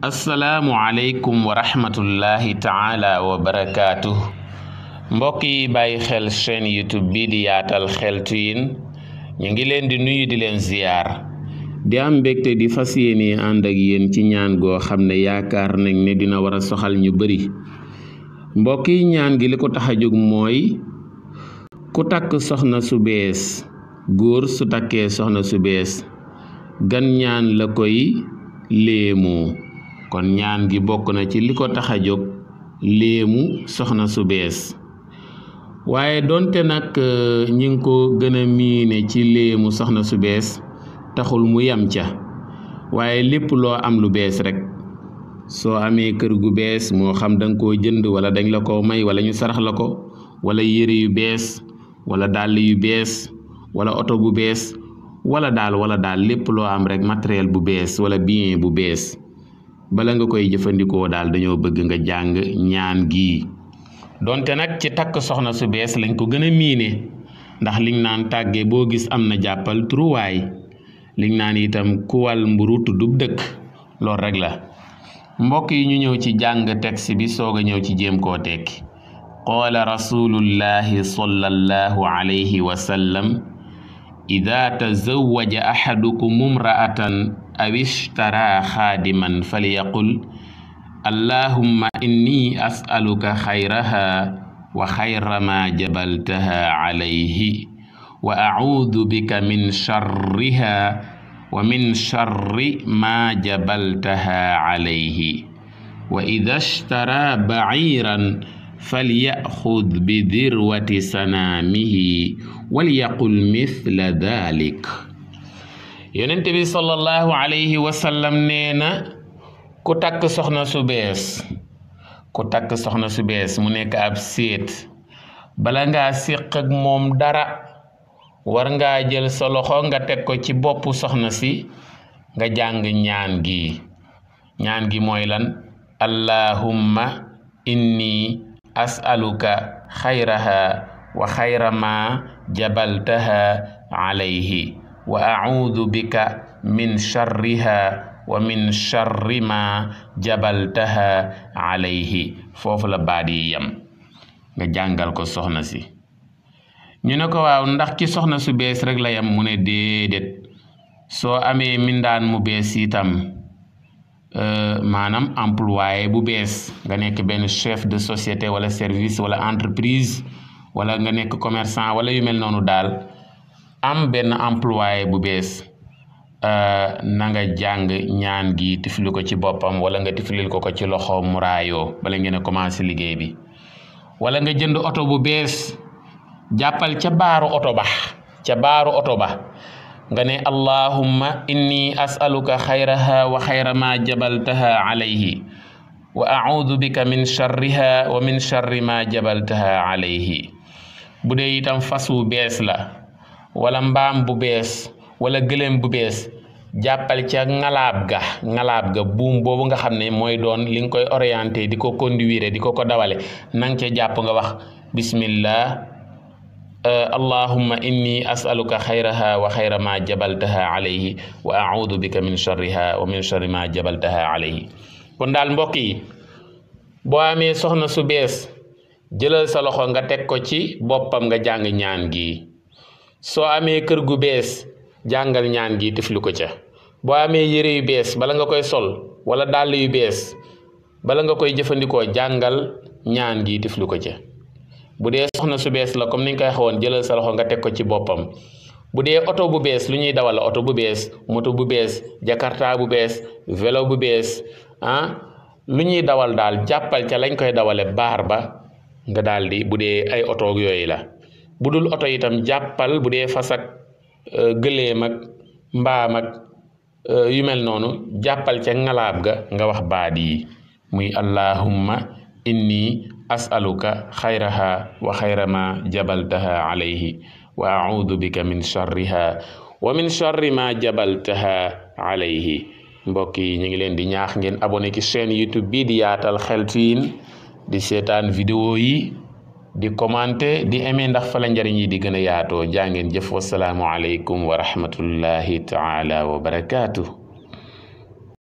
asalaamualeykum wa rahmatullahi taala wa barakaatu mbokk yi bàyyi xel chaîne youtube bi di yaatal xeltu yin ñu ngi leen di nuyu di leen ziyaar di am mbégte di fas yéene ànd ak yéen ci ñaan goo xam ne yaakaar nañ ne dina wara soxal ñu bari mbokk yi ñaan gi li ko tax a jóg mooy ku takk soxna su bees góor su takkee soxna su bees gan ñaan la koy léemoo kon ñaan gi bokk na ci li ko tax a jóg léemu soxna su bees waaye donte nag euh, ñi ngi ko gën a miine ci léemu soxna su bees taxul mu yam ca waaye lépp loo am lu bees rek soo amee kër gu bees moo xam da ko jënd wala dañ la ko may wala ñu sarax la ko wala yére yu bees wala dàll yu bees wala oto bu bees wala daal wala daal lépp loo am rek matériel bu bees wala bien bu bees bala nga koy jëfandikoo daal dañoo bëgg nga jàng ñaan gii donte nag ci takk soxna su bees lañ ko gën a miine ndax liñ naan tàgge boo gis am na jàppal truwaay liñ naan itam kuwal mburu tuddub dëkk loolu rek la mbokk yi ñu ñëw ci jàng texte bi soog a ñëw ci jéem koo tekki qaala rasulullahi sallallahu alayhi wa sallam ida tazawaja ahadukum imra'atan aw ishtaraa xaadiman falyaqul allahumma inni asaluka xayraha wa xayra ma jabaltaha alayhi wa acuudu bika min sharriha wa min sharri ma jabaltaha alayhi wa ida ishtaraa baciiran falyaxud bidirwati sanaamihi walyaqul mithla dalik yonent bi sallallahu alayhi wa sallam nee na ku takk soxna su ku takk soxna su mu nekk ab séet bala nga séq ak moom dara war ngaa jël sa nga teg ko ci bopp soxna si nga jàng ñaan gi ñaan gi mooy lan allahumma inni as'aluka xayraha wa xayra ma alayhi wa acuudu bika min sharriha wa min sharri ma jabaltaha alayhi foofu la baat yi yam nga jàngal ko soxna si ñu ne ko waaw ndax ki soxna su bees rek la yam mu ne déedéet soo amee mindaan mu bees itam euh, maanaam employé bu bees nga nekk benn chef de société wala service wala entreprise wala nga nekk commerçant wala yu mel noonu daal am benn employé bu bees uh, na nga jàng ñaan gi tifli ko ci boppam wala nga tiflil ko ko ci loxo mu raayoo bala ngeen a commencé liggéey bi wala nga jënd oto bu bees jàppal ca baaru oto ba ca oto ba nga ne allahumma inni as'aluka xayraha wa xayra ma jabaltaha alayhi wa audu bika min sharriha wa min sharri ma jabaltaha alayhi bu dee itam fas wu bees la wala mbaam bu bees wala gëléem bu bees jàppal ca ngalaab ga ngalaab ga buum boobu nga xam ne mooy doon li nga koy orienté di ko conduire di ko ko dawale nang ca jàpp nga wax bismillah eh, allahumma inni asaluka xayraha wa xayra ma jabaltaha alayhi wa audu bika min charriha wa min charri ma jabaltaha alayhi kon daal mbokk boo amee soxna su bees jëlal sa loxo nga teg ko ci boppam nga jàng ñaan gi soo amee kër gu bees jàngal ñaan gi tiflu ko ca boo amee yére yu bees bala nga koy sol wala dàll yu bees bala nga koy jëfandikoo jàngal ñaan gi tiflu ko ca bu dee soxna su bees la comme ni koy xawoon jëlal sa loxo nga teg ko ci boppam bu dee oto bu bees lu ñuy dawal oto bu bees moto bu bees jakarta bu bees velo bu bees ah lu ñuy dawal daal jàppal ca lañ koy dawale baar ba nga daldi bu dee ay oto yooyu la bu dul oto itam jàppal bu dee fas ak euh, gëléem ak mbaam euh, yu mel noonu jàppal ca ngalaab ga nga wax baat yi muy allahumma inni asaluka xayraha wa xayra ma jabaltaha alayhi wa audu bika min charriha wa min charri ma jabaltaha alayhi mbokk yi ñu ngi leen di ñaax ngeen abonné ci chaîne youtube bi di yaatal xeltiin di seetaan vidéo yi di commenter di aimer ndax fa la njariñ yi di gën a yaatoo jaa ngeen jëf wasalaamu aleykum wa rahmatullahi taala wa barakaatu.